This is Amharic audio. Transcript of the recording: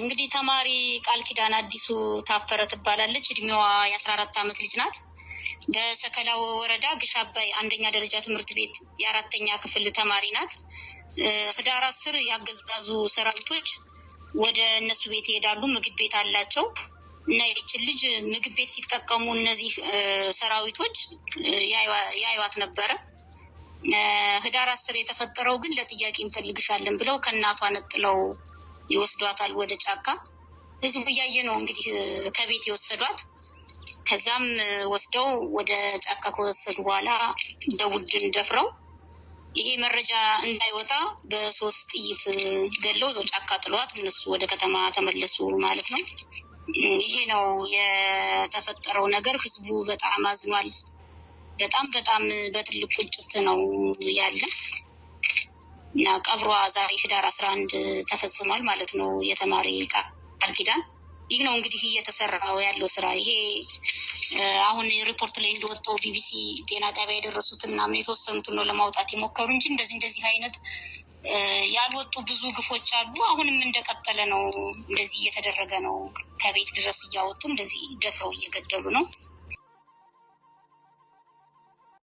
እንግዲህ ተማሪ ቃል ኪዳን አዲሱ ታፈረ ትባላለች። እድሜዋ የአስራ አራት ዓመት ልጅ ናት። በሰከላው ወረዳ ግሽ አባይ አንደኛ ደረጃ ትምህርት ቤት የአራተኛ ክፍል ተማሪ ናት። ህዳር አስር ያገዝጋዙ ሰራዊቶች ወደ እነሱ ቤት ይሄዳሉ። ምግብ ቤት አላቸው እና ይችን ልጅ ምግብ ቤት ሲጠቀሙ እነዚህ ሰራዊቶች ያዩዋት ነበረ። ህዳር አስር የተፈጠረው ግን ለጥያቄ እንፈልግሻለን ብለው ከእናቷ ነጥለው ይወስዷታል ወደ ጫካ። ህዝቡ እያየ ነው እንግዲህ ከቤት የወሰዷት። ከዛም ወስደው ወደ ጫካ ከወሰዱ በኋላ በቡድን ደፍረው ይሄ መረጃ እንዳይወጣ በሶስት ጥይት ገለው ዘው ጫካ ጥሏት እነሱ ወደ ከተማ ተመለሱ ማለት ነው። ይሄ ነው የተፈጠረው ነገር። ህዝቡ በጣም አዝኗል። በጣም በጣም በትልቅ ቁጭት ነው ያለ። እና ቀብሯ ዛሬ ህዳር አስራ አንድ ተፈጽሟል ማለት ነው። የተማሪ ቃል ኪዳን ይህ ነው እንግዲህ እየተሰራው ያለው ስራ። ይሄ አሁን ሪፖርት ላይ እንደወጣው ቢቢሲ ጤና ጣቢያ የደረሱትን ምናምን የተወሰኑትን ነው ለማውጣት የሞከሩ እንጂ እንደዚህ እንደዚህ አይነት ያልወጡ ብዙ ግፎች አሉ። አሁንም እንደቀጠለ ነው። እንደዚህ እየተደረገ ነው። ከቤት ድረስ እያወጡ እንደዚህ ደፍረው እየገደሉ ነው።